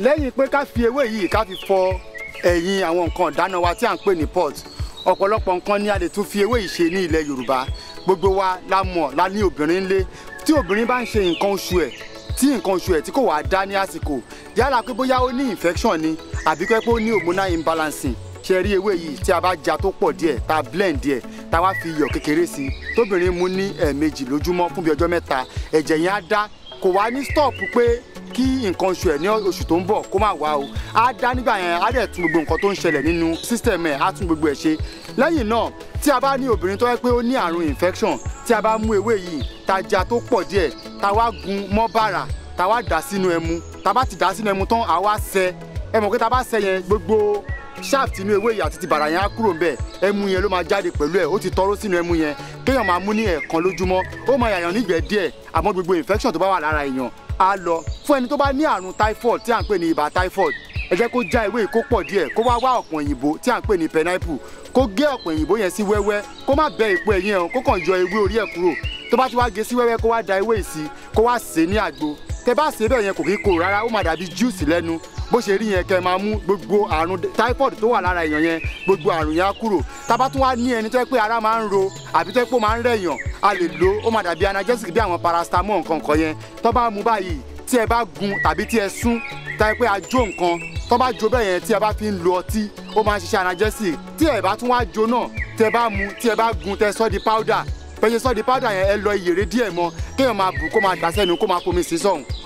lẹ́yìn pé ká fi ewé yìí ká fi fọ ẹ̀yìn àwọn nǹkan ìdáná wa tí à ń pè ní pot ọ̀pọ̀lọpọ̀ nǹkan ni a lè tún fi ewé yìí ṣe ní ilẹ̀ Yorùbá gbogbo wa la mọ̀ la ní obìnrin ńlé tí obìnrin bá ń ṣe nǹkan oṣù ẹ̀ tí nǹkan oṣù ẹ̀ tí kò wá dá ní àsìkò yálà pé bóyá ó ní infection ni àbí pé ó ní hormonal imbalancing ṣe rí ewé yìí tí a bá ja tó pọ̀ díẹ̀ ta blend díẹ̀ ta wá fi iyọ̀ kékeré sí tóbìnrin mu ní ẹ̀ẹ̀mejì lójúmọ́ fún bí ọjọ́ mẹ́ta ẹ̀jẹ̀ yẹn á dá kò wá ní stop pé kí nǹkan oṣù ẹ̀ ní oṣù tó ń bọ̀ kó má wá o á dá nígbà yẹn á dẹ̀ tún gbogbo nǹkan tó ń ṣẹlẹ̀ nínú system ẹ̀ á tún gbogbo ẹ̀ ṣe lẹ́yìn náà tí a bá ní obìnrin tó yẹ pé ó ní àrùn infection tí a bá mú ewé yìí tajà tó pọ̀ díẹ̀ ta wá gun mọ́ bàrà ta wá dà sínú ẹmu ta bá ti dà sínú ẹmu tán a wá sẹ ẹ mọ̀ pé ta bá sẹ yẹn gbogbo shaft inú ewé yìí àti ti bàrà yẹn á kúrò ńbẹ̀ ẹmu yẹn ló máa jáde pẹ̀lú ẹ̀ ó ti tọ́rọ́ sínú ẹmu yẹn kéèyàn máa mú ní ẹ̀ẹ̀kan lójúmọ́ ó máa yàyàn nígbẹ̀ẹ́ díẹ̀ àmọ́ gbogbo infection tó bá wà lára èèyàn á lọ fún ẹni tó bá ní àrùn typhoid tí à ń pè ní ibà typhoid ẹ jẹ́ kó já ewé kó pọ̀ díẹ̀ kó wá wá ọ̀pọ̀n òyìnbó tí à ń pè ní pineapple kó gé ọ̀pọ̀n òyìnbó yẹn sí wẹ́wẹ́ kó má bẹ èpo ẹ̀yìn ẹ̀hún kó kàn yọ ewé orí ẹ̀ kúrò tó bá ti wá gé sí wẹ́wẹ́ kó wá da ewé yìí sí kó wá sè é ní àgbo tẹ bá sè é bẹ́ẹ̀ yẹn kò kí korò rárá ó má dàbí júùsì lẹ́nu bó ṣe rí yẹn kẹ máa mú gbogbo àrùn typhoid tó wà lára èèyàn yẹn gbogbo àrùn yẹn á kúrò tá bá tún wá ní ẹni tó yẹ pé ara máa ń ro àbí tó yẹ pé ó máa ń rẹ̀yàn a lè lo ó máa dàbí analgesic bí àwọn paracetamol nǹkan yẹn tó bá mu báyìí tí ẹ bá gun tàbí tí ẹ sún táyé pé a jó tó bá jó bẹ́ẹ̀ yẹn tí ẹ bá fi ń lo ọtí ó máa ṣiṣẹ́ analgesic tí ẹ bá tún wá jó náà tí ẹ bá mu tí ẹ bá gun tẹ sọ́ di powder bẹ́ẹ̀ ṣe di powder yẹn ẹ lọ iyèrè díẹ̀ mọ́ kéèyàn máa bù kó máa dà sẹ́nu kó máa fomi sí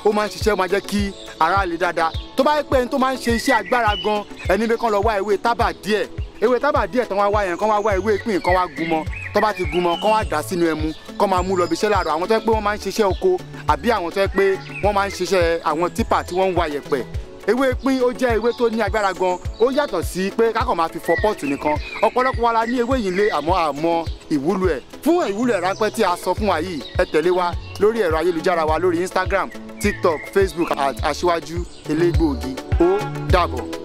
ó máa ń ṣiṣẹ́ máa jẹ́ kí ara lè dáadáa tó bá yẹ pé ẹni tó máa ń ṣe iṣẹ́ agbára gan ẹni bí kan lọ wá ewé tábà díẹ̀ ewé tábà díẹ̀ tán wá wá yẹn kan wá wá ewé pín kan wá gun mọ́ tó bá ti gun mọ kán wá dà sínú ẹmu kán máa mú lọ bí iṣẹ́ láàárọ̀ àwọn tó yẹ pé wọ́n máa ń ṣiṣẹ́ oko àbí àwọn tó yẹ pé wọ́n máa ń ṣiṣẹ́ àwọn tipa tí wọ́n ń wa yẹ̀pẹ̀ ewé pín ó jẹ́ ewé tó ní agbára gan ó yàtọ̀ sí pé kákan máa fi fọ pọ́ọ̀tù nìkan ọ̀pọ̀lọpọ̀ wa la ní ewé yìí lé àmọ́ àmọ́ ìwúlò ẹ̀ fún ìwúlò ẹ̀ ráńpẹ́ tí a sọ fún wa yìí ẹ tẹ̀lé wa lórí ẹ̀rọ ayélujára wa lórí Instagram TikTok Facebook àti aṣíwájú elégbòogi ó dàbọ̀.